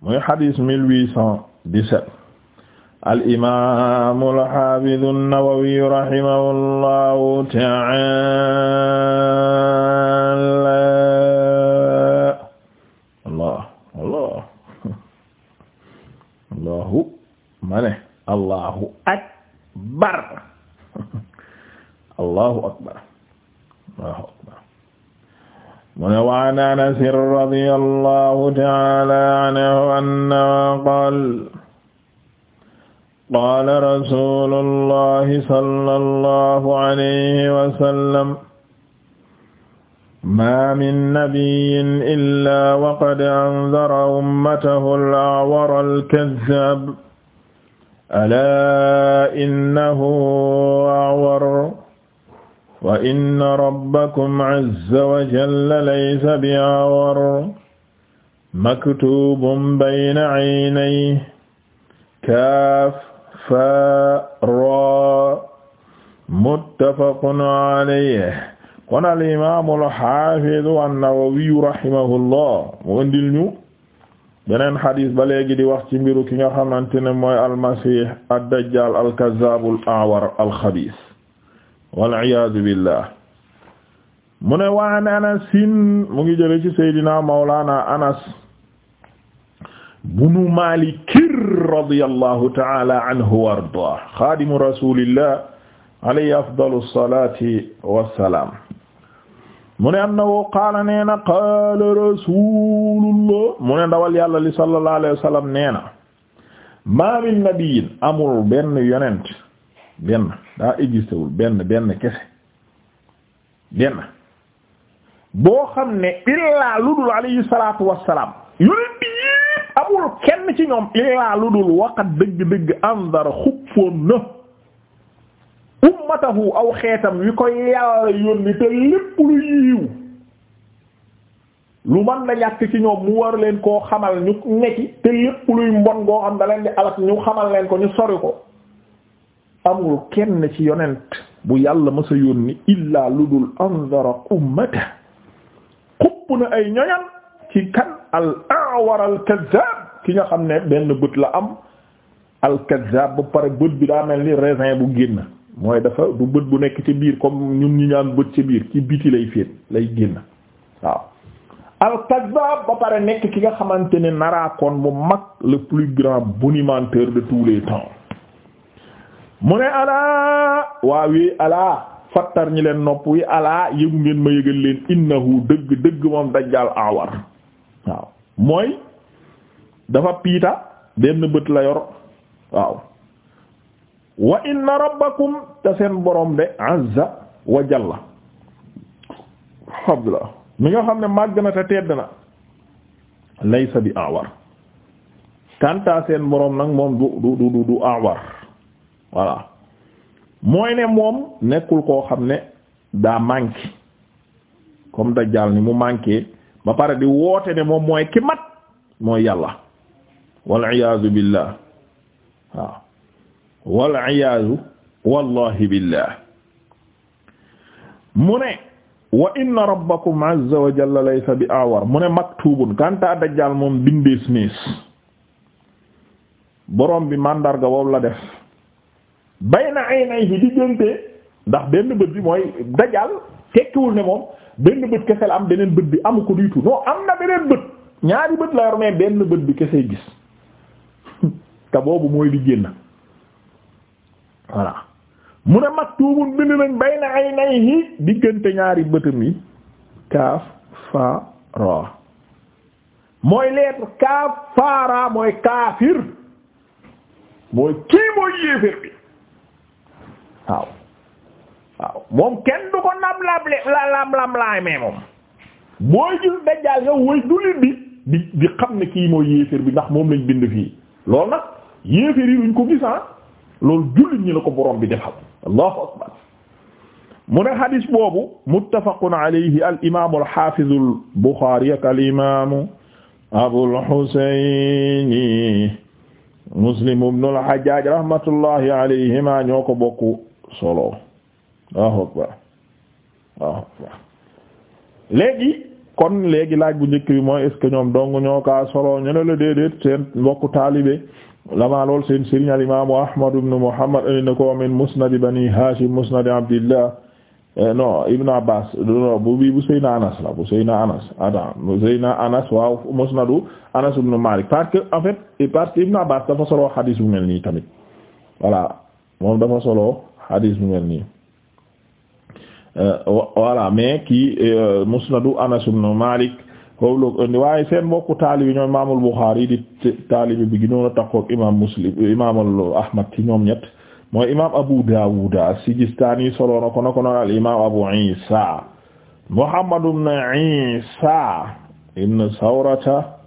muy xadis mille huit cent dix-sept al imaamu al xaafidu an-Nawawi rahimahullahu ta'ala allah allah allahu ma ne allahu akbar allahu akbar waaw mu ne waan Anas radiyallahu ta'ala anhu annahu qaala qaala rasuulullahi sallallahu alayhi wa sallam maa min nabiyyin illaa wa qad anzara ummatahu al-a'wara al-kazzaab alaa innahu a'war wa inna rabbakum azza wa jalla laysa bi awar maktubun bayna aynayhi kaaf faa raa muttafaqun alayhi kon al imaamu al xaafidu an-nawawiyu rahimahullah mu indil ñu beneen xadiis ba léegi di wax ci mbiru ki nga xamante ne mooy al masiix ad-dajjaal al kazzaab al a'war al xabiis waliyaadu billah mu ne waan anasin mu ngi jële ci seydina mawlana anas bunu malikir radiyallahu taala anhu wa ardah xadimu rasulillah alayhi afdalu salati wassalam mu ne am na woo qaala nee na qaala rasulullah mu ne ndawal yàlla li sallallahu alayhi wa sallam nee na ma min nabiyin amul benn yonent benn daa existewul benn benn kese benn boo xam ne illaa ludul alayhi salaatu wassalaam yonent bi yépp amul kenn ci ñoom illaa ludul waqat dëgg-dëgg andara xupfoon na ummatahu aw xeetam wi ko yàlla yónni te lépp lu yiiw lu man na ñàkk ci ñoom mu war leen koo xamal ñu nekki te lépp luy mbon goo xam da leen di alak ñu xamal leen ko ñu sori ko amul kenn ci yonent bu yàlla masa yónni illaa ludul anzara ummata xupp na ay ñoñam ci kan al awar al kazzab ki nga xam ne benn bët la am al kazzab ba pare bët bi daa mel ni raisin bu génn mooy dafa du bët bu nekk ci biir comme ñu ñu ñaan bët ci biir ci biti lay féet lay génn waaw al kazzab ba pare nekk ki nga xamante ne naraakon mu mag le plus grand bonimenteur de tous les temps mu ne alaa waaw wi alaa fattar ñi leen nopp wi alaa yëgu ngeen ma yëgal leen innahu dëgg dëgg moom dajjaal awar waaw mooy dafa piita benn bët la yor waaw wa inna rabbakum te seen borom de azza wa jalla alhamdulillah mi nga xam ne màgg na te tedd na laysa bi awar kanta seen borom nag moom du du du du voilà mooy ne moom nekkul koo xam ne daa manqué comme dajjaal ni mu manqué ba pare di woote ne moom mooy ki mat mooy yàlla wal iyaazu billah waaw wal iyaazu wallahi billah mu ne wa inna rabbakum azza wa jalla laysa bi awar mu ne maktubun kanta dajjaal moom bindees nees borom bi màndarga wow la def bayna aynayhi diggante ndax benn bët bi mooy dajal tekkiwul ne moom benn bët kese la am beneen bët bi amu ko du tout am na beneen bët ñaari bët la yor benn bët bi kese gis te boobu mooy li génn voilà mu ne maktubun bind nañ bayna aynayhi diggante ñaari bëtam mi kaaf fa ra mooy lettre kaaf faara mooy kaafir mooy kii mooy yéeféer bi waaw moom kenn du ko nam lable lam lam laamee moom booy gis dajjaal yow woy dulit bi di di ne kii mooy yéeféer bi ndax moom lañ bind fii loolu nag yéeféer yi luñ ko gis ah loolu jullit la ko borom bi defal allahu akbar mu ne boobu muttafaqun alayhi al imaamu al xaafizu al buxaari ak al imaamu abul xuseyni muslim ibnu al xajjaaj rahmatullahi alayhima ñoo ko bokku solo léegi kon léegi laaj bu njëkk bi mooy est ñoom dong ñoo kaa solo ñu ne la déedéet seen mbokku taalibe lamaa lool seen sëriñ imaamu Ahmad ibn Muhammad indi na ko min musnad bani Hashim musnad Abdillah eh, non Ibn bu bi bu Seyna Anas la bu Seyna Anas attends bu Seyna Anas waaw musnadu Anas ibn Malik parce que en fait parce que Ibn Abbas dafa solo xadiis bu mel nii tamit voilà moom dafa solo. xadiis bu mel nii euh, voilà mais kii euh, musnadu Anas ibn Malik foofu la ko indi waaye seen mbokku taalibi ñoom imaamul Buxaari di taalibi bi gënoon a takkoo ak imaam Muslim imaamul Ahmad ci ñoom ñett mooy imaam Abu Daawud as-Sijistaani solo na ko na ko noon al imaam Abu Iisa Muhammad ibn Iisa ibn Sawrata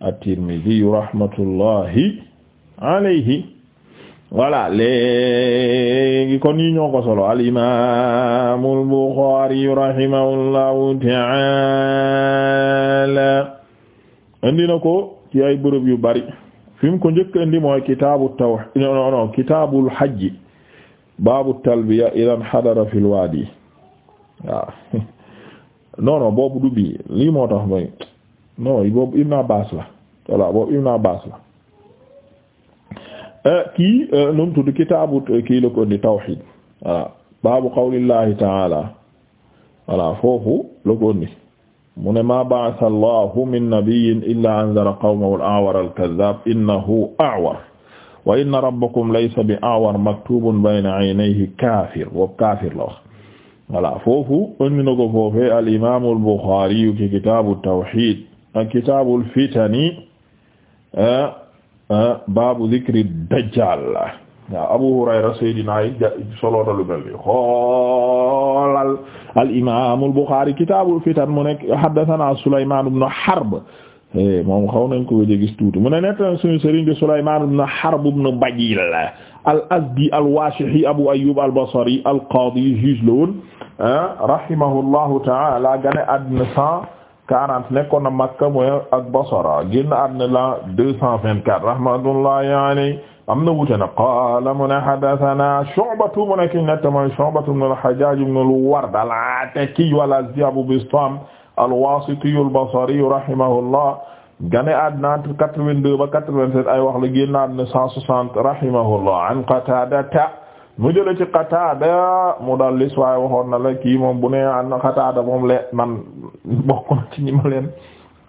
at-Tirmidhi rahmatullahi alayhi voilà léegi kon yi ñoo ko solo al imam al Bukhari rahimahullahu ta'ala na ko ci ay bërëb yu bari fi ko njëkk indi mooy kitaabu tawhid non non kitaabul hajj baabu talbiya idan hadara fil waadi waaw non non du bi lii moo tax mooy non boobu Ibn Abbas la voilà boobu Ibn Abbas la Euh, kii euh, nu mu tudd kitaabu euh, kii la ko indi tawxiid voilà baabu qawlillahi taala voilà foofu la ko indi mu ne maa ba'atha allahu min nabiyyin illaa anzara qawmahu al-a'war al-kadhdhaab innahu a'war wa inna rabbakum laysa bi a'war maktuubun bayna 'aynayhi kaafir wa kaafir la wax voilà foofu indi na ko foofee al-imaam al-Buxaari ci kitaabu tawxiid ak kitaabu al-fitani baabu zikri dajjal waaw Abu Hurayra Seydina yi ja solo na lu mel ni xoolal al imaam al Buxaari kitaabul fitan mu nekk haddasanaa Sulaymaan ibn Harb moom xaw nañ ko gis tuuti mu ne nekk na suñu sëriñ di Sulaymaan ibn Harb ibn Bajiil al Azdi al Waashihi Abu Ayyuub al Basri al qaadi juge la woon rahimahullahu ta'aala gane àddina quarante nekkoon na Makka mooy ak Basra génn àddina la deux cent vingt-quatre rahmatullahi alayhi am na wuute na qaala mu ne haddathana Shu'batu mu ne ki netta mooy Shu'batu ibn al-Hajjaj ibn al-Ward al-Ataki al-Azdi Abu Bistam al-Wasiti al-Basri rahimahullah gane àddina entre quatre-vingt-deux ba quatre-vingt-sept ay wax la génn àddina cent soixante rahimahullah an Qatada mu jële ci Qataada mu dallis waaye waxoon na la kii moom bu ne an Qataada moom le man bokk na ci ñi ma leen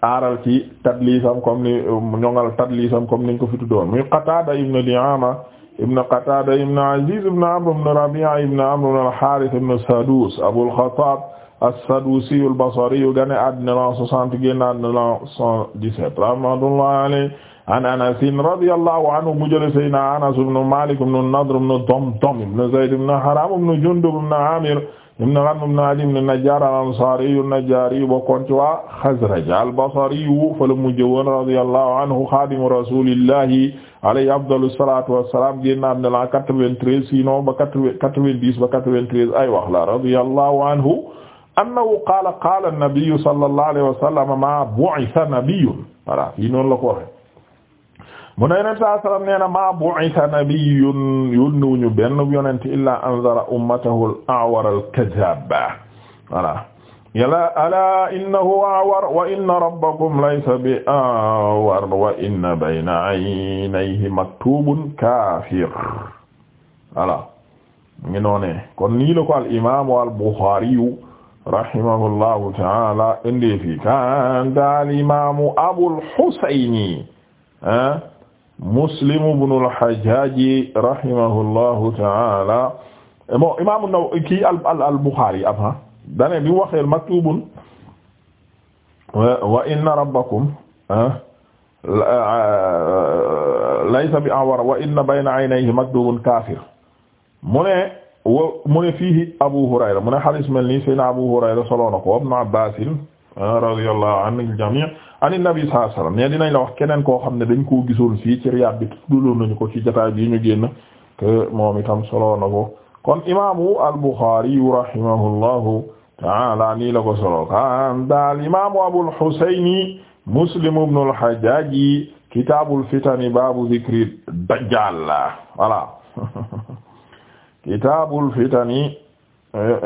aaral ci tadlisam comme ni ñoŋal tadlisam comme niñ ko fi tuddoon muy Qataada ibn Di'aama ibn Qataada ibn Aziz ibn Amr ibn Rabi'a ibn Amr ibn al-Haarith ibn Saduus Abul Xattaab as-Saduusi al-Basri gane àddina la 60 génn àddina la 117 rahmatullahi alayhi an Anas radiyallahu anhu mu jële Seydina Anas ibn Malik ibn Nadr ibn Damdam ibn Zayd ibn Haram ibn Jundub ibn Amir ibn Ghanm ibn Adi ibn Najjar al-Ansari an-Najjari bokkoon ci waa Xasraj al-Basri fa la mujj woon radiyallahu anhu xaadimu rasulillahi alayhi afdalu salaatu wa salaam génn na la 93 sinon ba 90 ba 93 ay wax la radiyallahu anhu annahu qaala qaala an-nabiyyu sallallahu alayhi wa sallam ma bu'itha nabiyyun voilà yi noonu la ko waxee mu ne yonent saa sallam nee na maa bu'itha nabiyyun yónniwuñu benn yonent illaa anzara ummatahu al-a'war al-kadhab voilà yàlla alaa innahu a'war wa inna rabbakum laysa bi-a'war wa inna bayna 'aynayhi maktubun kaafir voilà mu ngi noonee kon nii la ko al imaam al Buxaari rahimahullahu ta'ala indee fi kan daal imaamu Abul Husayni ah Muslim ibn al-Hajjaj rahimahullahu ta'ala bon imaamu Nawawi kii al al al Bukhari abha dane bi mu waxee maktubun wa inna rabbakum laysa bi awara wa inna bayna aynayhi maktubun kaafir mu ne wa mu ne fiihi Abu Hurayra mu ne hadiis mel nii Seydina Abu Hurayra solo na ko ibn Abbaas radiyallahu anil jami' anil nabi sallallahu alayhi wasallam ne dinañ la wax keneen koo xam ne dañ koo gisoon fii ci Riyad bi tuddoon nañu ko ci jotaay bi ñu génn que moom itam solo na ko kon imaamu al-Bukhari rahimahullahu ta'ala nii la ko solo kan daal imaamu Abul Husayn Muslim ibn al-Hajjaj kitaabul fitani baabu dhikri dajjal voilà kitaabul fitani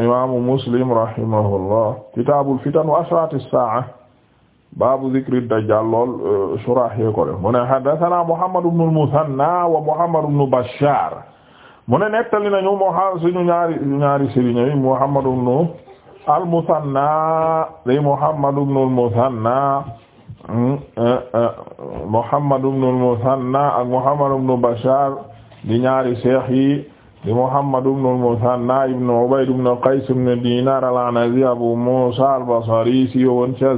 imaamu muslim rahimahullah kitaabul fitan wa ashraati saa'a baabu zikri dajjaal lool uh, shuraax yee ko def mu ne haddasanaa Muhammad ibnul Musanna wa Muhammad ibnu Bashaar mu ne nettali nañu Muhammad suñu ñaari ñaari sëriñ yi Muhammad ibnu al Musanna li Muhammad ibnul Musanna mm, uh, uh, Muhammad ibnul Musanna ak Muhammad ibnu Bashaar di ñaari seex yi di Muhammad ibn al-Muthanna ibn Ubayd ibn Qays ibn Dinar al-Anazi Abu Musa al-Basri si yowoon ca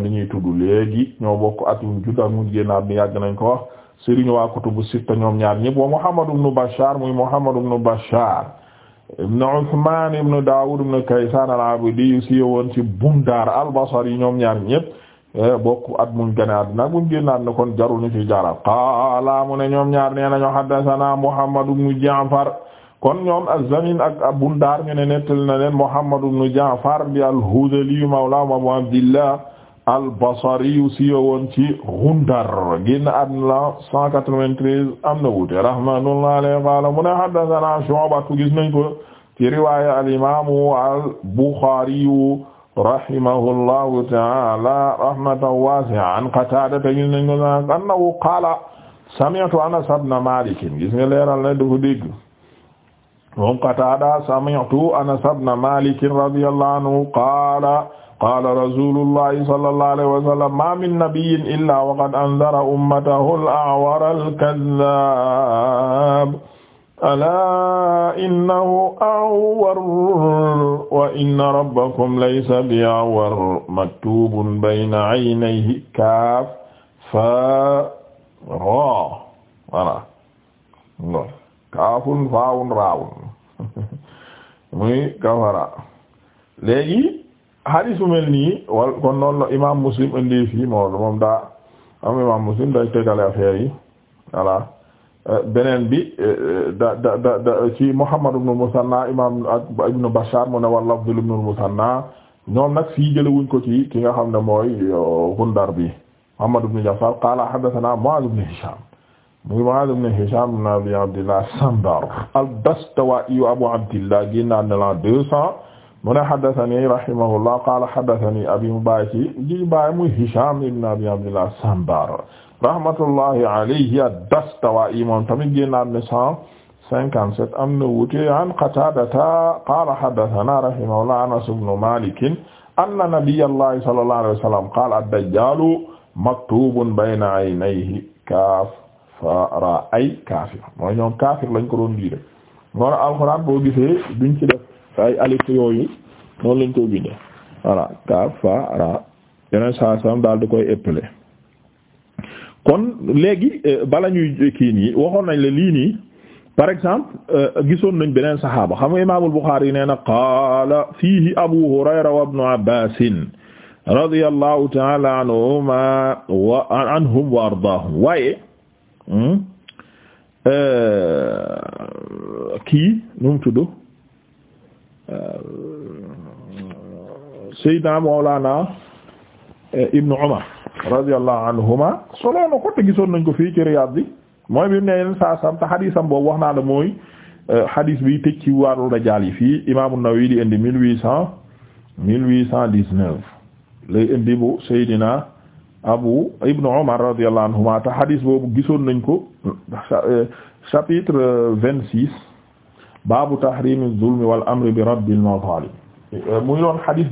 ñuy tudd léegi ñoo bokk ak mu nañ ko wax sëriñu waa ñoom ñaar ñëpp wa Muhammad ibn Bashar muy Muhammad ibn Bashar ibn Uthman ibn Dawud ibn Kaysan al-Abdi si yowoon ci Bundar al-Basri ñoom ñaar ñëpp Eh, bokk at muñ gane àdduna ak muñ génn àdduna kon jarul ñu ci jaaral qaala mu ne ñoom ñaar nee nañu haddathana Muhammad ibn Ja'far kon ñoom az-Zamin ak Abu Dar ñu ne nettali na leen Muhammad ibn Ja'far bi al-Hudhali mawla Abu Abdillah al-Basri siiw woon ci Ghundar génn àdduna la 193 am na wuute rahmatullahi alayhi qaala mu ne haddathana Shu'ba gis nañ ko ci riwaaya al-Imam al-Bukhari rahimahullahu ta'ala rahmatan wasi'a an Qataada te gis nañ ko annahu qaala sami'tu Anas ibn Maalik gis nga leeral na dafa dégg moom Qataada sami'tu Anas ibn Maalik radiyallahu anhu qaala qaala rasuulullahi sallallahu alayhi wa sallam maa min nabiyyin illaa wa qad anzara ummatahu al-a'wara al-kadhdhaab alaa innahu awwar wa inna rabbakum laysa bi awwar maktubun bayna aynayhi kaaf faa raa voilà kaafun faawun muy kafara léegi hadiisu mel nii wal la imaam muslim indi fii moom daa am muslim day tegale affaire yi voilà beneen bi da da da da ci Muhammad ibn Musanna imam ibn Bashar mu ne wal lafdul ibn Musanna ñoom nag fii jëlewuñ ko ci ki nga xam ne mooy euh, Gundar bi Muhammad ibn Ja'far qala hadathana Mu'adh ibn Hisham muy Mu'adh ibn Hisham ibn Abi Abdillah Sambar al-Dastuwa'i Abu Abdillah génnaat na la deux cents mu ne hadathani rahimahullah qala hadathani abi mu bàyyi ci ji bàyyi muy Hisham ibn Abi Abdillah Sambar rahmatullahi alayhi ad-Dastawa'i moom tamit génnaat ne cent cinquante-sept am na wuute an Qataadata qaala haddathanaa rahimahullah Anas ibn Maalik anna nabiyyallahi sallallahu alayhi wa sallam qaala ad-dajjaalu maktuubun bayna aynayhi kaafara kaafir mooy ñoom kaafir lañ ko doon lire ngoon alxuraan boo gisee duñ def ay alif yooyu noonu lañ ko bindee voilà kaafara yeneen saa sam daal di koy épeler kon léegi euh, bala ñuy kii nii waxoon nañ la lii nii par exemple euh, gisoon nañ beneen saxaaba xam nga imaamul Buxaari yi nee na qaala fiihi Abu Hurayra wa ibnu Abbaasin radiyallahu ta'ala anhuma wa anhum wa ardaahum waaye hmm, euh, kii nu mu tudd Seydina Mawlaana Ibnu Umar radiyallahu anhuma solo na ko te gisoon nañ ko fii ci Riyad bi mooy bi mu ne yeneen te xadisam boobu wax naa mooy euh, xadis bi tëj ci wàllu rajaal yi fii imaamu Nawawi di indi mille huit cent mille huit cent dix-neuf lay indi bu Seydina Abu Ibnu Umar radiyallahu anhuma te xadis boobu gisoon nañ ko euh, chapitre vingt-six baabu tahrimi zulmi wal amri bi rabbil mazalim euh, muy doon xadis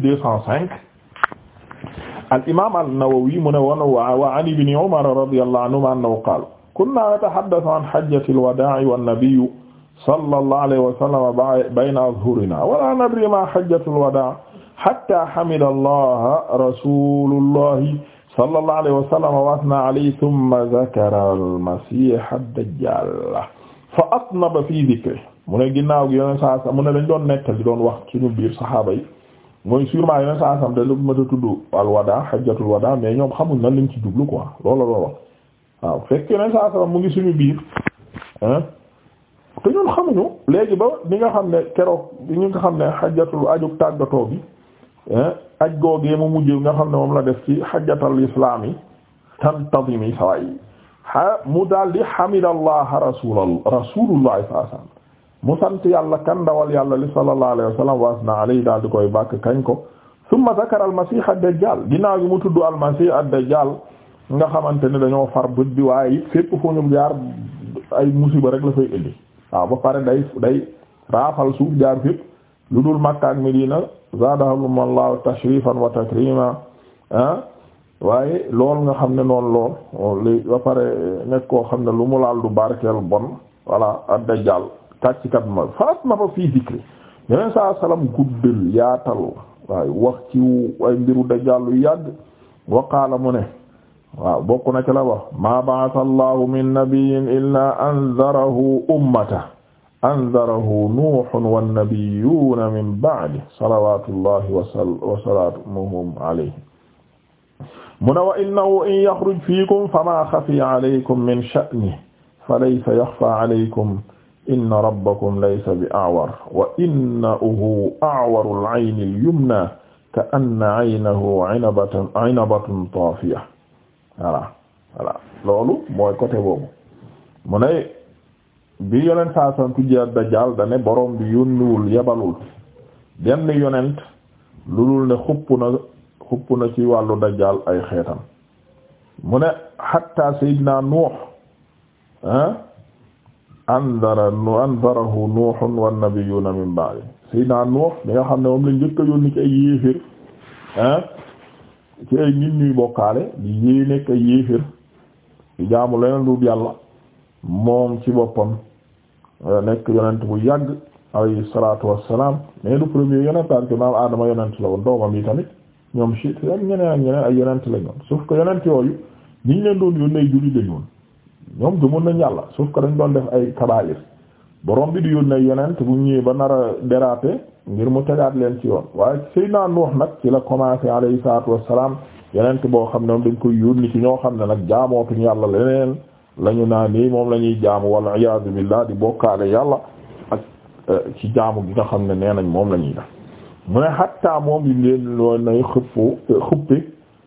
al imaam an-Nawawi mu ne woon wa an ibni Umar radiyallahu anhuma annahu qaala kunna natahaddathu an hajjati al-wadaa'i wan-nabiyyu sallallahu alayhi wa sallam bayna azhurinaa wa laa nadrii maa hajjatu al-wadaa' hattaa hamida Allaha rasuulullahi sallallahu alayhi wa sallam wa athnaa alayhi thumma dhakara al-masiih ad-dajjaal fa atnaba fii dhikrihi mu ne ginnaaw gi yoneen saa mu ne dañ doon nettali doon wax suñu biir saxaaba yi mooy sûrement yeneen saa sam de lu ma tudd alwada hajjatul wada mais ñoom xamuñ nan lañ ci jublu quoi loolu la waaw fekk yeneen saa sam mu ngi suñu biir te ñun xamuñu léegi ba ni nga xam ne keroog ñi nga xam ne hajjatul ajug tàggatoo bi aj googee mu mujj nga xam ne moom la def ci hajjatul islam yi tantazimi sawa yi mu dal di hamidallah rasulullah rasulullah sallallahu alayhi mu sant yàlla kan yàlla li sallallahu alayhi wa sallam wa asna alayhi daal di koy bàkk kañ ko summa zakara almasih ad-dajjal ginnaaw gi mu tudd almasih ad-dajjal nga xamante ne dañoo far bët bi waaye it fépp fu ñu jaar ay musiba rek la fay indi waaw ba pare day day raafal suuf jaar fépp lu dul Makka ak Medina zaadahum allahu tashrifan wa takrima ah waaye lool nga xam ne noonu lool li ba pare nekk koo xam ne lu mu laal du barkeel bon voilà ad-dajjal kàccikat ma faat na ba fii dikri yeneen saa salaam guddal yaatal waaye wax ci ay mbiru dajjaal lu yàgg waqaala mu ne waaw bokk na ci la wax maa ba'atha allahu min nabiyyin illaa anzarahu ummatahu anzarahu nuuhun wannabiyyuuna min ba'dihi salawaatullahi wa salaamuhum alayhi mu ne wa innahu in yakhruj fiikum famaa khafiya alaykum min sha'nihi falaysa yakhfaa alaykum inna rabbakum laysa bi a'war wa innahu a'warul aynil yumna ka anna aynahu aynabatan taafiya voilà loolu mooy côté boobu mu ne bi yonent saa sant ji dajjaal da ne borom bi yónniwul yebalul benn yonent lulul ne xupp na xupp na ci wàllu dajjaal ay xeetam mu ne hatta sayyidina Nuux ah andara andarahu nuuhun wan nabiyyuuna min ba'di sayyidina nuuh mi nga xam ne moom lañ njëkk a yónni ci ay yéefir ah ci ay nit ñuy bokkaale di yée nekk yéefir di jaamu leneen lu yàlla moom ci boppam euh, nekk yonent bu yàgg alayhi salaatu wassalaam mais du premier yonent parce que maam Adama yonent la woon doomam yi tamit ñoom si ak ñeneen ak ñeneen ay yonent la ñoon sauf que yonent yooyu ñi ñu leen doon yónnee julli woon ñoom gëmoon nañ yàlla sauf ko dañ doon def ay kabaayir borom bi di yónnee yonent bu ñëwee ba nara a ngir mu tegaat leen ci yoon waaye Seydina Nuux nag ci la commencé alayhi salaatu wassalaam yonent boo xam ne moom dañ koy yónni ci ñoo xam ne nag jaamootuñ yàlla leneen lañu naa nii moom la ñuy jaamu wala iyaadu billah di bokkaale yàlla ak eh, ci jaamu gi nga xam ne nee nañ moom la ñuy def mu ne xattaa moom yi leen loo nay xëppu xëppi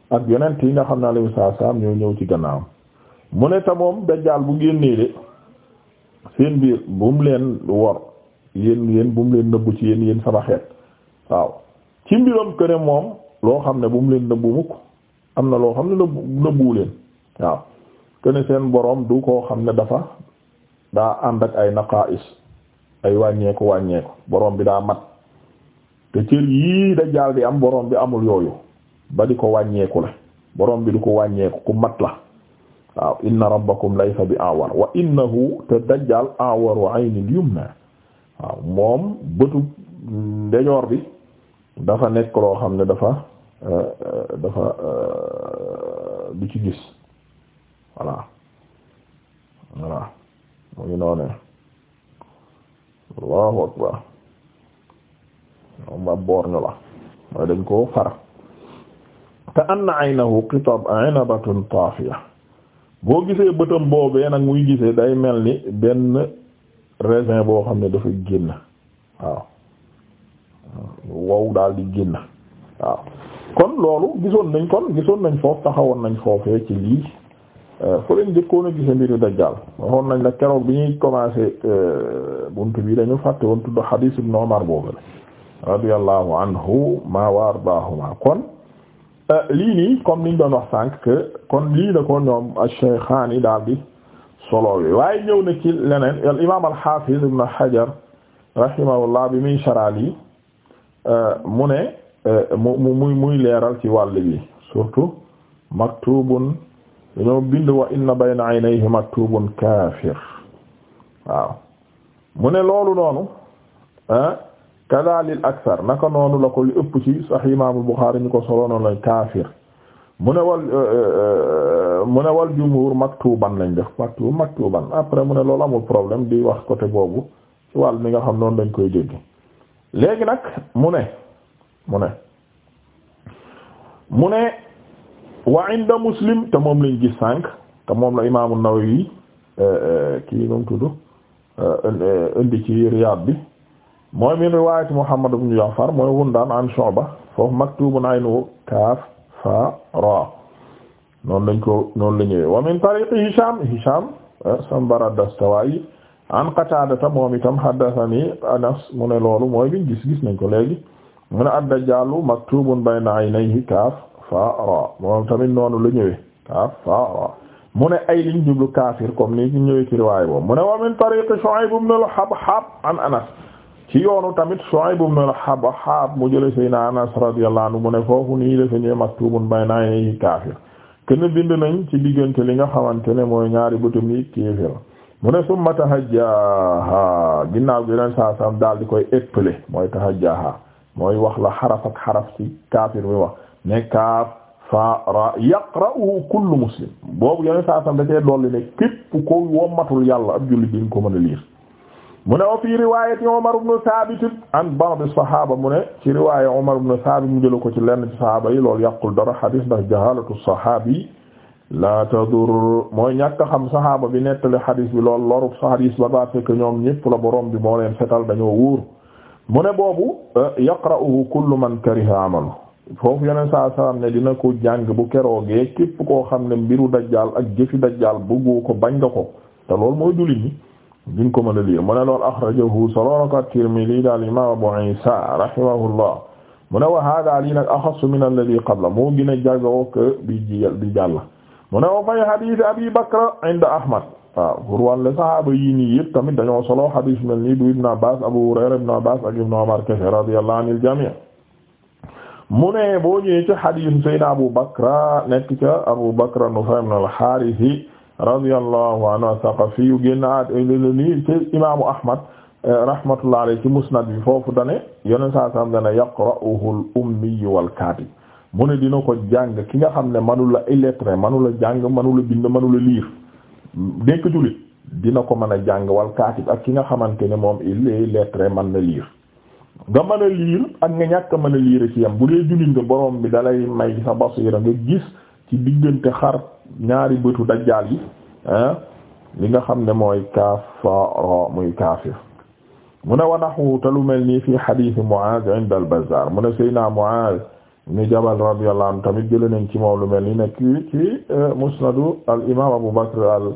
ak yonent yi nga xam ne alayhi salaatu ñoo ñëw ci gannaawam mu ne ta moom dajjaal bu génnee de seen biir bu mu leen wor yéen yéen bu mu leen nëbbu ci yéen yéen sama xeet waaw ci mbiram que moom loo xam ne bu mu leen nëbbu mukk am na loo xam ne nëbbu nëbbuwu leen waaw que seen boroom du koo xam ne dafa daa ànd ak ay naqaa'is ay wàññeeku wàññeeku boroom bi daa mat te cër yii jaal di am boroom bi amul yooyu ba di ko wàññeeku la boroom bi du ko wàññeeku ku mat la waaw inna rabbakum laysa bi awar wa innahu te dajjal awaru aynil yumna waaw moom bëtu ndejoor bi dafa nekk loo xam ne dafa euh, euh, dafa euh, du ci gis voilà voilà mu ngi noonee allahu akbar moom ba boor ñu mooy dañ ko far te anna aynahu qitab inabatun taafiya boo gisee bëtam boobee nag muy gisee day mel ni benn raisin boo xam ne dafa génn waaw wow daal di génn waaw kon loolu gisoon nañ kon gisoon nañ foofu taxawoon nañ foofee ci lii euh, fo leen jëkkoon a gise mbiru dajjal waxoon nañ la keroog bi ñuy commencé euh, buntu bi dañu fàtte woon tudd xadiis ibn Umar boobu la radiyallahu anhu ma wa ardaahuma kon Euh, lii nii comme niñ doon wax sànq kon lii la ko ñoom ash-Shaykhaani daal di solo wi waaye ñëw na ci leneen al imaam al-Haafiz Ibn Hajar rahimahullah bi muy saraal yi euh, mu ne euh, mu mu muy leeral ci wàll bi surtout maktubun dañoo bind wa inna bayna aynayhi maktubun kaafir waaw mu ne loolu noonu ah kada lil akthar naka noonu la ko li ëpp ci sahih imaamul Buxaari ñu ko solo noonu lay kaafir mu ne wal euh, euh, mu ne wal jumhur maktuban lañ def maktub maktuban après mu ne loolu amul problème di wax côté boobu ci wàll mi nga xam noonu lañ koy dégg léegi nag mu ne mu ne mu ne wa inda muslim te moom lañ gis sànq te moom la imaamu Nawawi euh, kii moom tudd indi ci Riyaad bi mooy min riwaayat Muhammad ibn Ja'far mooy Wundaan an Shu'ba foofu maktubun aynu kaaf fa ra noonu lañ ko noonu la ñëwee wa min tariqi Hisham Hisham eh, Sanbara ad an Qataadata moom itam haddathani Anas mu loolu mooy biñ gis gis nañ ko léegi mu ne ad-Dajjaalu maktubun bayna kaaf fa ra moom tamit noonu la ñëwee kaaf fa ra mu ne ay liñ jublu kaafir comme ni ñu ñëwee ci riwaaya boobu mu wa min tariqi Shu'ayb ibn al an Anas ci yoonu tamit Shuayb ibn al-Habhab mu jële sayna Anas radiyallahu anhu mu ne foofu nii dafa ñëw maktubun bayna yadayhi kaafir kenn bind nañ ci diggante li nga xamante ne mooy ñaari bëtum yi kéefir mu ne summa tahajjaha ginnaaw gi leen saa sam daal di koy éppale mooy tahajjaha mooy wax la xaraf ak xaraf ci kaafir bi wax ne kaaf fa ra yaqra'uhu kullu muslim boobu yeneen saa sam da cee dolli ne képp ko wommatul yàlla ab julli bi nga ko mën a liir mu ne wa fii riwayati Umar ibn Thabit an ba'd as-sahaba mu ne ci riwaya Umar ibn Thabit mu jëla ko ci lenn ci sahaaba yi loolu yàqul dara hadis ndax jahalatu sahabi la tadur mooy ñàkk xam sahaaba bi nettali hadis bi lool lorub hadis ba ba fekk ñoom ñëpp la borom bi moo leen fetal dañoo wóor mu ne boobu eh, yaqra'uhu kullu man kariha amalu foofu yeneen saa salaam ne dina ko jàng bu keroogee képp koo xam ne mbiru dajjaal ak jëfi dajjaal bëggu ko bañ nga ko te loolu duñ ko mën a lii mu ne lool axrajahu solo ko at-Tirmidhi daal imaam Abu Isa rahimahullah mu ne wa haadaa lii nag axassu min alladhi qabla moo gën a jagoo que bi ji bi jàll mu ne wa fay hadith Abi Bakr inda Ahmad waaw pour wàllu saxaaba yi nii yëpp tamit dañoo solo hadith mel nii du Ibn Abbas Abu Hurayra Ibn Abbas ak Ibn Umar kese radiyallahu anil jamii mu ne boo ñëwee ci hadith Sayyidina Abu Bakr nekk ca Abu Bakr Nufay ibn al-Haaris radiyallahu anhu as-Saqafi yu génnaat nii ci imaamu Ahmad rahmatullahi alayhi ci musnad bi foofu dane yoneen saa salam dane yaqra'uhu al-ummi wal-katib mu ne dina ko jàng ki nga xam ne manula illettré manula jàng manula bind manula liir nekk jullit dina ko mën a jàng wal-katib ak ki nga xamante ne moom illettré man na liir nga mën a liir ak nga ñàkk mën a liir ci yam bu dee jullit nga borom bi dalay may sa basiira nga gis ci diggante xar ñaari bëtu dajjaal yi li nga xam ne mooy kaafaro muy kaafir mu ne wanaxu te lu mel nii fii xadiis Muaaz inda al-Bazzaar mu ne Seydina Muaaz ibn Jabal radiyallahu anhu tamit jëlee nañ ci moom lu mel nii nekk ci euh, musnadu al imaam Abu Bakr al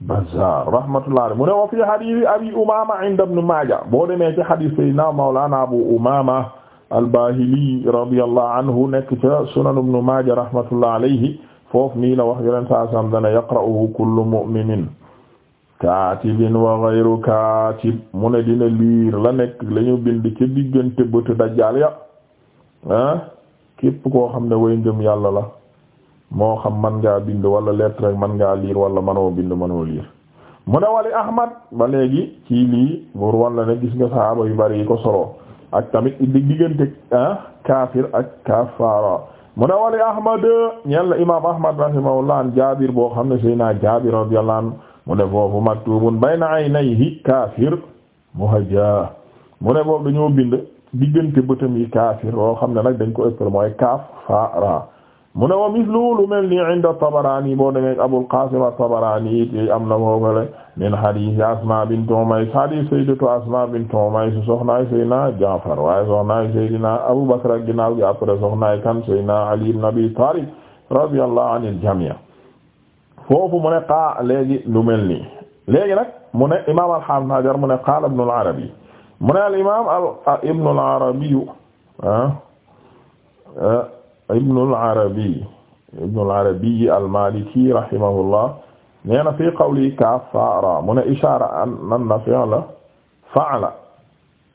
Bazzaar rahmatullahi mu ne wa fii xadiis Abi Umaama inda Ibn Maaja boo demee ci xadiis Seydina Mawlaana Abu Umaama al-Baahili radiyallahu anhu nekk ca Sunan Ibn Maaja rahmatullahi alayhi foofu nii la wax yeneen saa sam dana yaqra'uhu kullu mu'minin kaatibin wa ghayru kaatib mu ne dina liir la nekk la bind ci diggante bëtu dajjaal ya ah, képp koo xam ne way ngëm yàlla la moo xam man ngaa bind wala lettre man nga liir wala manoo bind manoo liir mu ne wali ahmad ba léegi ci lii buur wan la ne gis nga sahaaba yu bari yi ko solo ak tamit di diggante ah, kaafir ak kafaara mu ne wali ahmad ñeen la imam ahmad rahimahullah an jabir boo xam ne sayna jabir radiyallahu anhu mu ne foofu maktubun bayna aynayhi kaafir muhajja mu ne foofu dañoo bind diggante bëtam yi kaafir woo xam ne nag dañ ko ëppal mooy kaaf fa mu ne wa mislu lu mel nii inda Tabarani boo demee Abul Qasim at-Tabarani it am na foofale min hadith Asma bint Umays hadith sayyidatu Asma bint Umays soxnaay Seydina Jaafar waaye soxnaay Seydina Abu Bakr ak ginnaaw gi après soxnaay kan Seydina Ali ibn Abi Talib radiyallahu anil jami' foofu mu ne xaa léegi lu mel nii léegi nag mu ne imaam al-Hafiz mu ne qaala Ibn arabi mu ne al al Ibn al-Arabi ah, ah, ibnul arabi ibnul arabi al-maliki rahimahullah nee na fii qawli kafaara mu ne ishaara an na fa'ala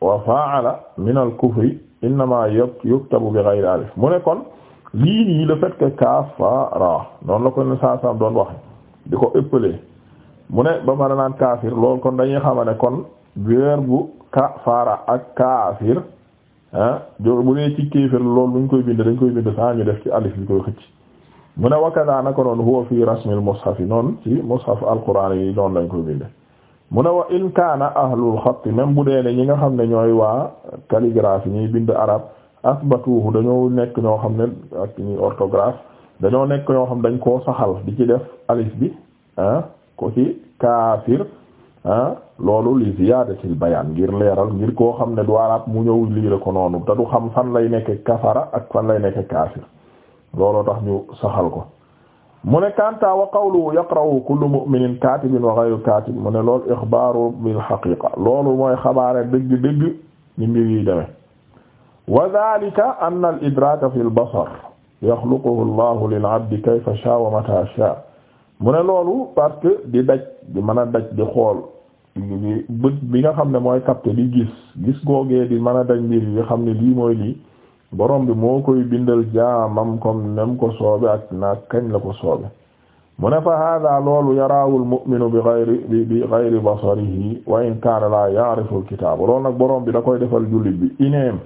wa fa'ala min al-kufri innama bi ghayri alif mu kon lii le fait que kafaara noonu la ko ne saa doon wax di ko ëppalee mu ba pare naan kaafir kon dañuy xama ne kon verbe bu kafaara ak kaafir ah jo bu dee ci kéefër loolu luñ koy bind dañ koy bind saa ñu def ci alif bi koy xëcc mu ne wakada nako noonu huwa fi rasmil mushaf yi noonu ci mushaf alquran yi noonu lañ koy bind mën a wa in kaana ahlul xatti même bu dee ne ñi nga xam ne ñooy waa calligraphie ñuy bind arab asbatuhu dañoo nekk ñoo xam ne ak ñuy orthographe dañoo nekk ñoo xam dañ koo saxal di ci def alif bi ah ko ci kaafir Ah loolu li ziyaadatil bayaan ngir leeral ngir koo xam ne du mu ñëw liire ko noonu te du fan lay nekk kafara ak fan lay nekk kaafir looloo tax ñu ko mu ne kanta wa qawlu yaqra'u kullu mu'minin katibin wa ghayru katib mu ne loolu bil haqiqa loolu mooy xabaare dëgg dëgg ni mbir yi deme wa dhalika anna al idraka fi al basar yaxluquhu llahu lil abdi kayfa sha wa mata sha mu ne loolu parce que di daj di mën a daj di xool bët bi nga xam ne mooy capte di gis gis googee di mën a daj mbir yi xam ne lii mooy lii borom bi moo koy bindal jaamam comme nem ko soobee ak naag kañ la ko soobe mu ne fa hada loolu yaraawul mu'minu bi gayri bi gayri basarihi wa in kaana la ya'rifu alkitaabu loolu nag borom bi da koy defal jullit bi ineem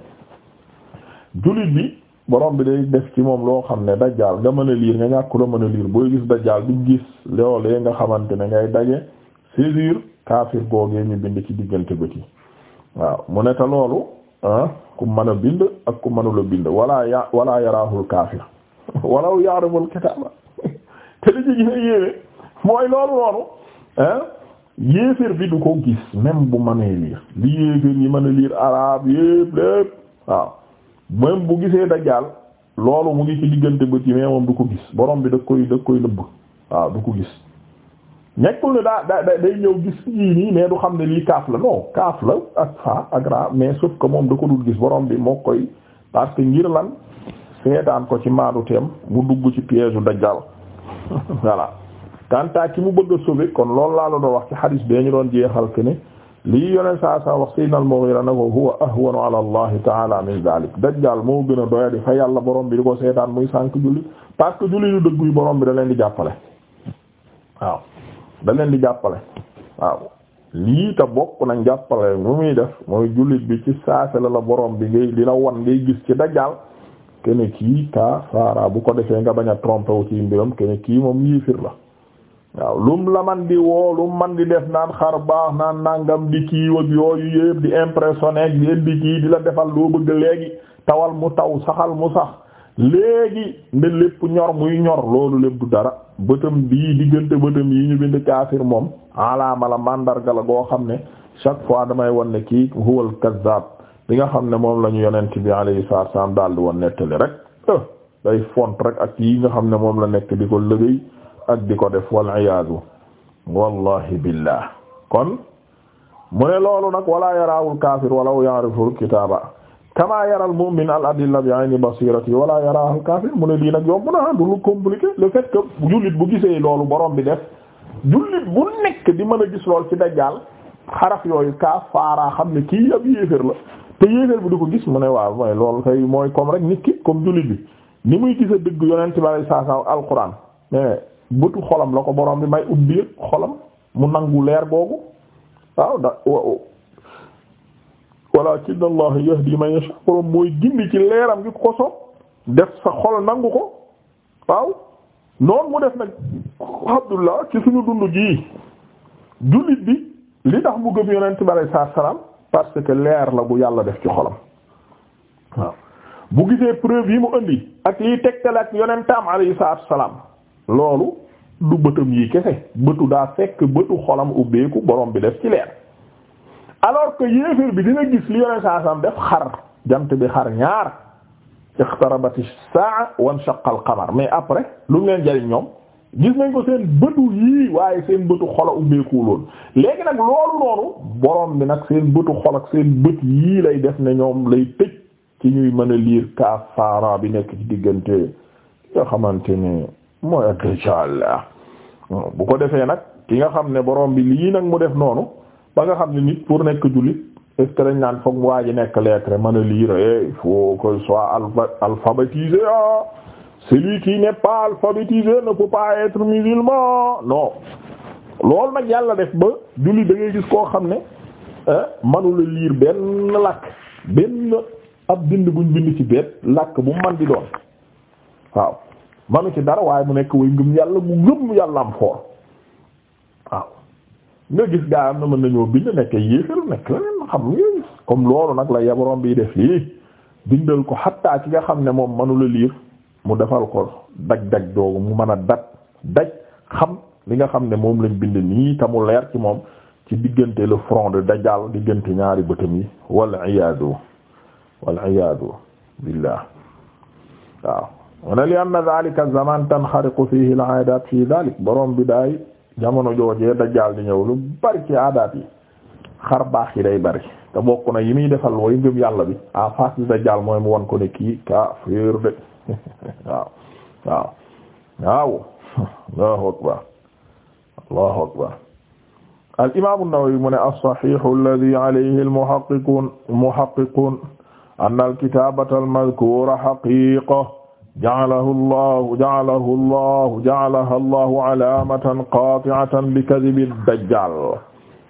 jullit bi borom bi day def ci moom loo xam ne dajjaal nga mën a liir nga ñàkk la mën a liir booy gis dajjaal bi gis loolee nga xamante ne ngay daje saisir kaafir googee ñu bind ci diggante bëti waaw mu ne te loolu ah, ku mën a bind ak ku mënula bind wala ya wala yarahul kaafir walaw ya'riful kitaaba te li ci gën a yéeme mooy loolu noonu ah, yéeféer bi du ko gis même bu mënee liir li yéeféer yi mën a liir araab yépp lépp waaw même bu gisee dajjaal loolu mu ngi ci diggante bët yi mais moom du ko gis borom bi da koy da koy nëbb waaw du ko gis nekkul ne daa da day ñëw gis yii nii mais du xam ne lii kaaf la non kaaf la ak fa ak ra mais sauf que moom da ko dul gis borom bi moo koy parce que ngir lan seetaan ko ci maadu teem mu dugg ci piège u dajjal voilà ki mu bëgg a sauver kon loolu laa la doon wax ci hadis bee ñu doon jeexal ke ne lii yoneen saa saa wax sayyidina al-Mughira na ko huwa ahwanu ala taala min zalik dajjal moo gën a doya fa yàlla borom bi di ko seetaan muy sànk julli parce que bi da leen di jàppale da leen di jàppale waaw lii te bokk nañ jàppale mu muy def mooy jullit bi ci saase la la borom bi ngay li la won ngay gis ci dajjaal kene kii ka saara bu ko defee nga bañ a trompé wu ci mbiram kene kii moom yiifir la waaw lum la man di woo lum man di def naan xar baax naan nangam di kii yooyu yëpp di impressionné ak di kii di la defal loo bëgg léegi tawal mu taw saxal mu sax léegi nde lépp ñor muy ñor loolu lépp dara bëtam bii diggante bëtam yi ñu bind kaafir moom alaama la mandarga la goo xam ne chaque fois damay wan ne kii huwal kazzab bi nga xam ne moom la ñu yonent bi alayhi salaam daal di woon nettali rek eh, day font rek ak yi nga xam ne moom la nekk di ko liggéey ak di ko def wal iyaadu wallahi billah kon mu ne loolu nag wala yaraawul kaafir walaw ya'riful kitaaba kama yaral mu'min al adilla bi ayni basirati wala yaraahu kafir mu ne lii nag yomb na du lu compliqué le fait que jullit bu gisee loolu borom bi def jullit bu nekk di mën a gis lool ci dajjaal xaraf yooyu kaaf faaraa xam ne kii ab yéeféer la te yéeféer bi du ko gis mu ne waaw mooy loolu kay mooy comme rek nit ki comme jullit bi ni muy gisa dëgg yonent bi alay saa saa alquran mais bëtu xolam la ko borom bi may ubbi xolam mu nangu leer googu waaw walaakin allah yahdi man yasha borom mooy gindi ci leeram gi ko soob def sa xol nangu ko waaw noonu mu def nag abdullah ci suñu dund gii jullit bi li tax mu gëm yonent bi alayhi salaatu salaam parce que leer la bu yàlla def ci xolam waaw bu gisee preuve yi mu indi ak liy tegtale ak yonentam alayhi salaatu salaam loolu du bëtam yi kese bëtu daa fekk bëtu xolam ubbeeku borom bi def ci leer alors que yéeféer bi dina gis li yoneen saa sam def xar jant bi xar ñaar ixtarabati saa wan shaqal qamar mais après lu mu jariñ ñoom gis nañ ko seen bëtu yii waaye seen bëtu xol a ubbeekuwuloon léegi nag loolu noonu borom bi nag seen bëtu xol ak seen bët yii lay def ne ñoom lay tëj ci ñuy mën a liir kafaara bi nekk ci diggante nga xamante ni mooy ak rijaal bu ko defee nag ki nga xam ne borom bi lii nag mu def noonu ba nga xam ne nit pour nekk jullit est-ce naan foog mu ji nekk lettre mën a lire il eh, faut que soit alpha alphabétisé ah. celui qui n'est pas alphabétisé ne peut pas être musulman non loolu nag yàlla def ba jullit da ngay gis koo xam ne eh, mënula liir benn làkk benn ab bind buñ bind ci benn làkk bu man di doon waaw manu ci dara waaye mu nekk way ngëm yàlla mu ngëm yàlla am foor waaw nga gis gaa am na mën nañoo bind nekk yéefér nekk leneen xam nga comme loolu nag la yabaroom bi def lii bindal ko xattaa ci nga xam ne moom mënula liir mu defal ko daj-daj doogu mu mën a dat daj xam li nga xam ne moom lañ bind nii te mu leer ci moom ci diggante le front de Dajjal diggante ñaari bëtam yi wal iyaadu wal iyaadu billah waaw wana li anna dhalika zaman tanxariqu fihi al aadat fi dhalik borom bi daay jamono joojee dajjaal di ñëw lu bari xar baax yi day bari te bokk na yi muy defal way ngëm yàlla bi en face di dajjaal mu wan ko ne kii kaafir de waaw waaw waaw allahu akbar allahu akbar al imaamu Nawawi mu ne as-sahihu alladhi alayhi al-muhaqqiqun muhaqqiqun ja'alahu llahu ja'alahu llahu ja'alaha allahu alaamatan qaati'atan bi kadibi dajjal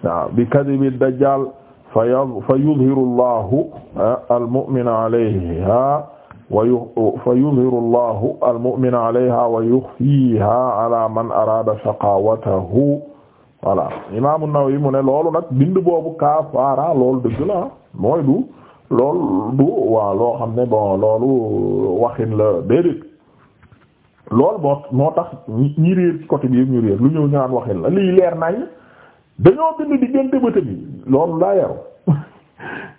waaw bi kadibi dajjal fa yudhiru llahu al-mu'mina alayha fa yudhiru llahu ah, al-mu'mina alayha wa yukhfiiha ala man araada shaqaawatahu voilà Imaamu Nawawi mu ne loolu nag bind boobu kaafaara loolu dëgg la mooy du loolu du waaw loo xam ne bon loolu waxin la déedéet loolu moo moo tax ñi réer ci côté bi ñu réer lu ñëw ñu naan waxin la lii leer nañ dañoo bind diggante bëtë bi loolu laa yaru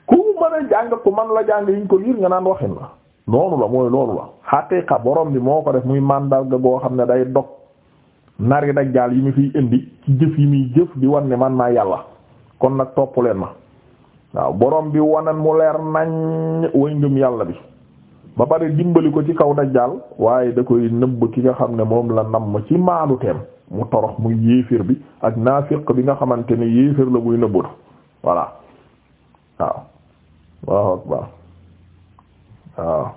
ku mën jàng ku man la jàng yiñ ko liir nga naan waxin la noonu la mooy loolu la xaqiiqa borom bi moo ko def muy màndarga goo xam ne day dog nari dajjaal yi mu fiy indi ci jëf yi muy jëf di wan man maa yàlla kon nag topp leen ma waaw borom bi wanan mu leer nañ way ngëm yàlla bi ba bari dimbali ko ci kaw dajjaal waaye da koy nëbb ki nga xam ne moom la namm ci maanu mu torox muy yéefir bi ak naafiq bi nga xamante ne yéefir la buy nëbbatu voilà waaw Allahu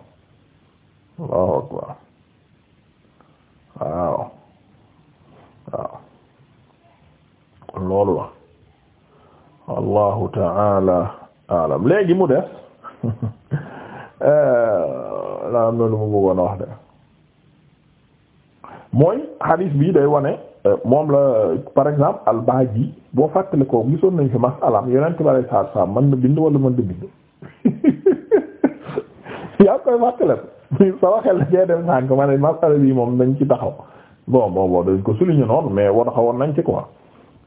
waaw waaw loolu la wallahu taala alam léegi mu def euh, la am na lu mu bëggoon a wax de mooy hadith bi day wane euh, moom la par exemple al-Baaji boo fàttale ko gisoon nañ fi masalaam yonent bi alay saat saam man na bind wala man na bind yaa koy fàttale sama xel la cee dem sànk ma ne masala bi moom nañ ci taxaw bon bon bon dañ ko souligner noonu mais war xawoon nañ ci quoi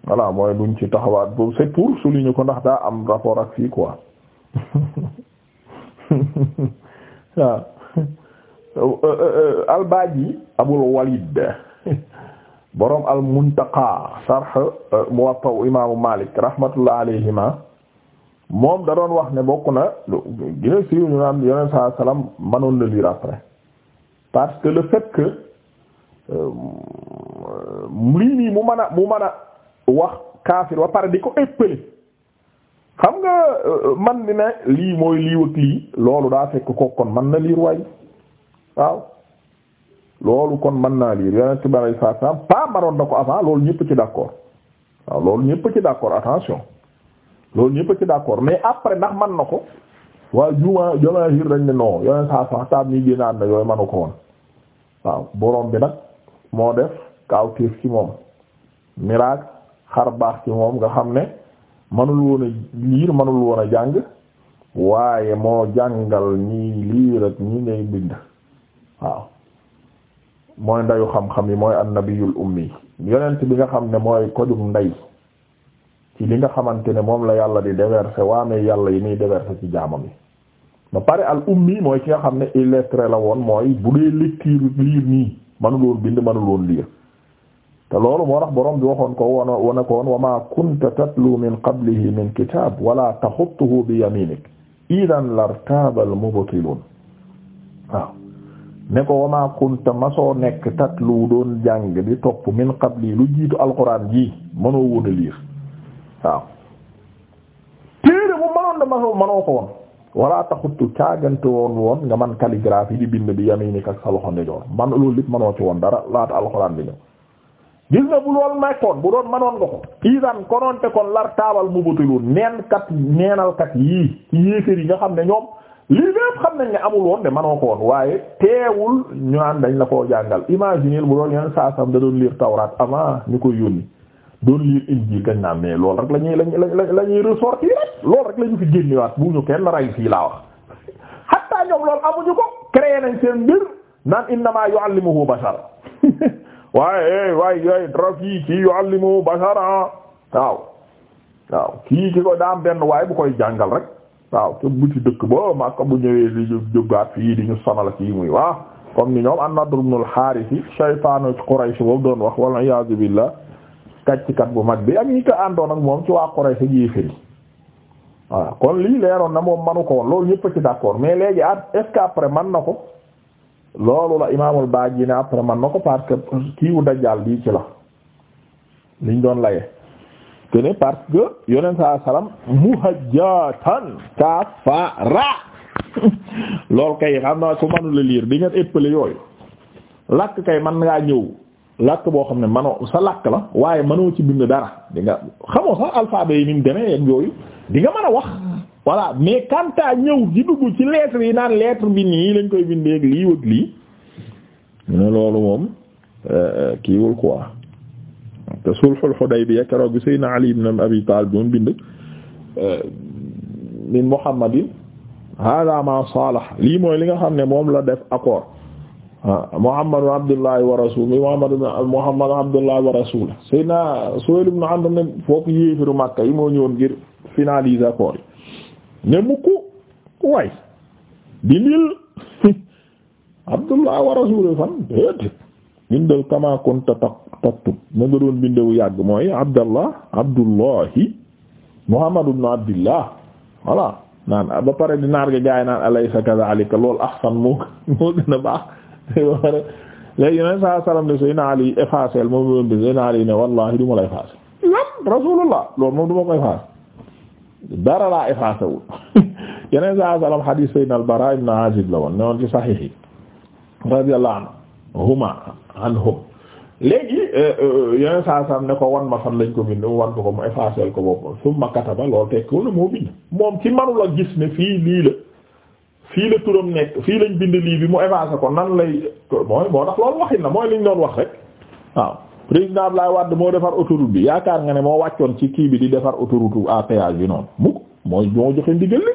voilà mooy duñ ci taxawaat boobu c'est pour souligner ko ndax daa am rapport ak fii quoi waaw euh, euh, euh, al-Baaji Abul Walid borom al-Muntaqa sharh Muwatta imaamu Maalik rahmatullah alayhima moom da doon wax ne bokk na gina siiw ñu naan yoneen saa salaam manoon na lire après parce que le fait que lii nii mu mën mu mën wax kaafir ba pare di ko ëppale xam nga euh, man di ne lii mooy lii ak lii loolu daa fekk ko kon man na liir waay waaw loolu kon mën naa liir yonent bi alay saa salaam pas maroon na ko avant loolu ñëpp ci d'accord waaw loolu ñëpp ci d'accord attention loolu ñëpp ci d'accord mais après ndax man na ko waaw juma jamaahir dañ ne non yonent saa sax taab ñi génn ànd na yooyu manu ko woon waaw borom bi nag moo def kaaw xar baax ci moom nga xam ne manul woon liir manul woon a jàng waaye moo jàngal ñi liir ak ñi ngay bind waaw mooy ndayu xam-xam yi mooy annabiyul ummi yonent bi nga xam ne mooy kojug ndey ci li nga xamante ne moom la yàlla di déverser waamee yàlla yi muy déverser ci jaamam yi ba pare al ummi mooy ki nga xam ne illettré la woon mooy bu dee lecture liir nii manuloon bind manuloon liir loolu moo tax borom bi waxoon ko wana wana ko woon wa ma kunta tatlu min qablihi min kitab wala taxuttuhu bi yaminik idan lartaba al mubtilun waaw ne ko wa ma kunta nekk tatlu doon jàng di topp min qabli lu jiitu alquran ji mënoo woon a liir waaw téere mu mënoon da masoo mënoo ko woon wala taxuttu caagante woon woon nga man calligraphie di bind bi yaminik ak sa loxo ndijoor man loolu lépp mënoo ci woon dara laata alquran bi ñëw gis na bu loolu nekkoon bu doon manoon nga ko idan konoonte kon lar taabal mu batiloon neen kat neenalkat yii ci yéeféer yi nga xam ne ñoom lii lépp xam nañ ne amul woon de manoo ko woon waaye teewul ñu naan dañ la ko jàngal imaginer bu doon yeneen saasam da doon lire tawraat avant ñu ko yónni doon lire injil dañ naan mais loolu rek la ñuy la la ñuy ressortir rek loolu rek la ñu fi bu ñu kenn ray fii laa wax hatta ñoom loolu amuñu ko créé nañ seen mbir naan innamaa waaye eh, waaye waay eh, trafic kii yuallimu bashara waaw waaw kii ki ko daam benn waaye bu koy jàngal rek waaw bu ci dëkk ba Makka bu ñëwee li ñu jógaat di ñu sonal kii muy waaw comme ni ñoom an-Nadr ibn al-Harith shaytaanu boobu doon wax wal iyaazu billah kàccikat bu mag bi ak ñi ko àndoon ak moom ci waa Quraysh yéeféri waaw kon lii leeroon na moom manu ko loolu ñëpp ci d'accord mais léegi at ce que après man na ko loolu la imaamul baag yi ne après man na ko parce que kiiwu dajjaal bii ci la liñ doon laye te ne parce que yonent saa salaam muhajjatan kafara loolu kay xam naa ko mënu la liir di éppale yooyu làkk kay man ngaa ñëw làkk boo xam ne manoo sa làkk la waaye manoo ci bind dara di nga xamoo sax alphabet yi ni mu yooyu di nga a wax voilà mais kanta ñëw di dugg ci lettre yi naan lettre bi nii lañ koy bindee ak lii wëg lii mu ne loolu moom euh, kiiwul quoi te sulhul Hudaybiya keroog bi Ali ibn Abi Talib moom bind euh, min Muhammadin hada ma salah lii mooy li nga xam ne moom la def accord ah, Muhammadu Abdullahi wa rasuluhu Muhammadu Muhammadu Abdullahi wa rasuluhu Seydina Suhayl ibn Amr ne foofu yéefiru Makka yi moo ñëwoon ngir finaliser accord yi ne mukk waay di abdullah wa fan bindal kama kunta taktub na nga doon bindewu yàgg mooy abdallah abdullahi muhammad ibn abdillah voilà naan ba pare di naar ga gaay naan alaysa kadhalika loolu ahsan moo moo gën a baax léegi yoneen saa salam ne Seydina Ali effacé moom doon bi Seydina Ali ne wallahi du la effacé lan rasulullah loolu moom du ma ko dara laa effacé wul yeneen saa salaam hadith sayyidina al-Bara ibn Azib la woon ne woon ci saxiix yi radiyallahu anhuma anhum léegi yeneen saa salaam ne ko wan ma fan lañ ko bind wan ko mu effacé ko boobu summa kataba loolu tekkiwul moo bind moom ci manula gis ne fii lii la fii la turam nekk fii lañ bind lii bi mu effacé ko nan lay mooy moo tax loolu waxin la mooy liñ doon wax rek waaw. président Abdoulaye Wade moo defar autoroute bi yaakaar nga ne moo wàccoon ci kii bi di defar autoroute à péage bi noonu mukk mooy moo joxe ndigal li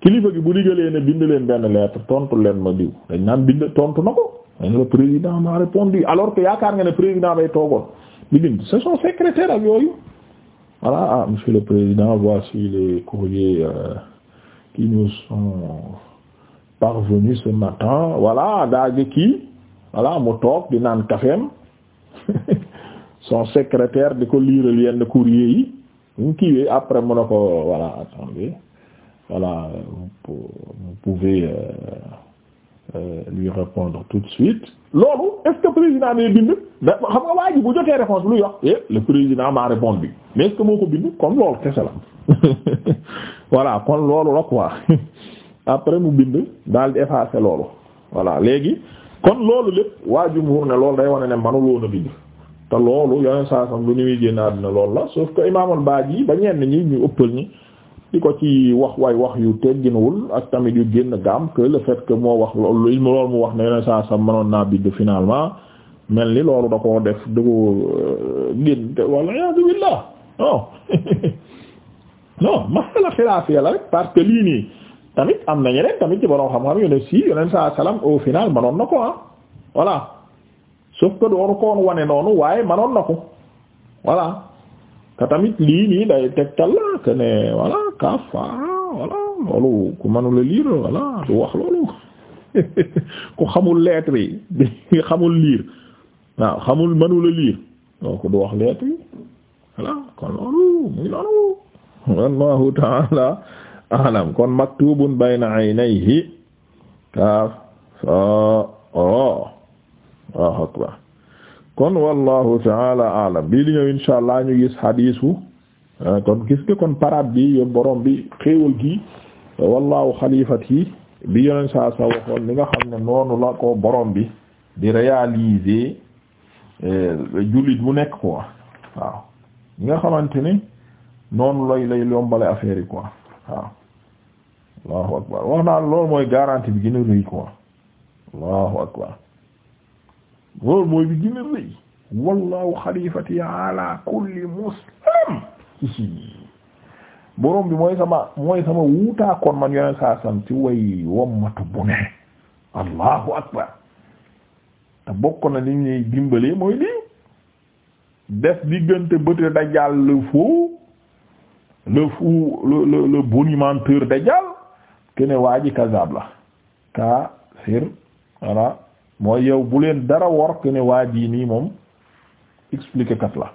kilifa gi bu digalee ne bind leen benn lettre tontu leen ma diw dañ naan bind tontu na ko dañ la président m'a répondu alors que yaakaar nga ne président bay toogoon di bind c'est son secrétaire ak yooyu voilà ah monsieur le président voici les courriers euh, qui nous sont ce matin voilà daa gi kii voilà mu toog di naan kafeem son secrétaire di ko liiral yenn courrier yi ñu kiiwee après mun a ko voilà attendez voilà vous pouvez euh, euh, lui répondre tout de suite loolu est-ce que président ne bind da xam nga ji bu jotee réponse lu yox eh le président m'a répondu mais est-ce que moo ko bind kon loolu kese la voilà kon loolu la quoi après mu bind daal di effacer loolu voilà kon loolu lépp waa jumhur ne loolu day wane ne manuloon a bind te loolu yeneen saa sam lu ñuy génn àddina loolu la sauf que imaamul Baaji ba ñenn ñi ñu ëppal ñi di ko ci wax waay wax yu tegginawul ak tamit yu génn gaam que le fait que moo wax loolu mu wax ne yeneen saa sam mënoon naa bind finalement mel ni loolu da koo def da ko euh, génn te wala yasubillah non non masala xilaafiya la rek parce que lii nii tamit am na ñeneen tamit ci borom xam-xam yu si yeneen saa salaam au final manoon na ko ah voilà sauf doonu ko wane noonu waaye manoon na ko voilà te tamit lii nii day tegtal la que ne voilà kafa ah, voilà loolu ku mënula liir voilà du wax loolu ku xamul lettre yi xamul liir waaw xamul mënula liir donc du wax lettre yi kon loolu muy loolu wallahu ta'ala alam kon maktubun bayna aynayhi kon wallahu taala alam bii di ñëw insha ñu gis hadiisu eh, kon gis nga kon parab bi yoon borom bi xéewal gi wallahu xalifati bi yoneen saa sa waxoon li nga xam ne noonu la ko borom bi di réaliser eh, jullit bu nekk quoi waaw nga xamante ni noonu lay lay yombale affaire yi waaw allahu akbar wax naa loolu mooy garantie bi gën a rëy quoi allahu akbar loolu mooy bi gën a rëy wallahu xalifati ala muslim borom bi mooy sama mooy sama wuutaa man yoneen saa sam ci way wommatu bu ne allahu akbar te bokk na li ñuy dimbalee mooy lii def diggante bëte dajal le faux le fou le le le bonimenteur dajal kene waa ji la ka sir voilà mooy yow bu leen dara wor kene waa ji nii moom expliqué kat la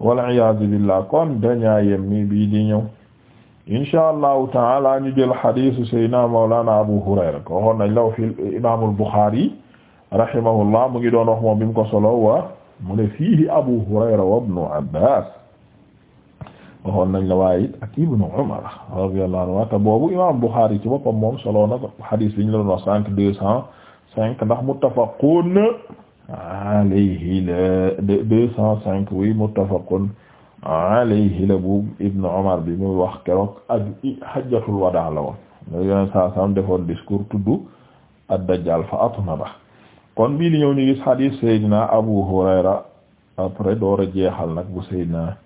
wal iyaazu billah kon dañaa yem ni bii di ñëw insha allahu taala ñu jël xadiisu sayyidina mawlana abu hurayra ko waxoon nañ law fi mu ngi doon wax moom bi mu wa mu ne fiihi abu hurayra wa ibnu abbaas waxoon nañ la waaye it ak ibnu Umar radiyallahu anhu te ci boppam moom solo na ko xadiis bi ñu la doon wax cinq deux cent cinq ndax muttafaqun alayhi wi deux cent cinq muttafaqun alayhi bu ibnu Umar bi muy wax keroog ak hajjatul wadaa la woon ño defoon discours tudd ad fa atnaba kon bii li ñëw ñu gis xadiis Abu Hurayra après door a jeexal nag bu Seydina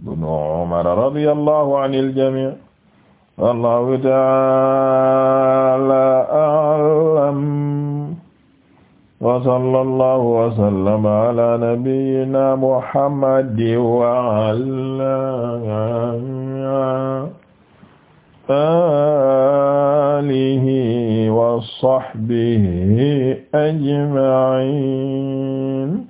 ibnu Umar radiyallahu anil jamii wallahu ta'ala a'lam wa sallallahu wa sallama ala nabiyyina Muhammadin wa ala alihi wa sahbihi ajma'in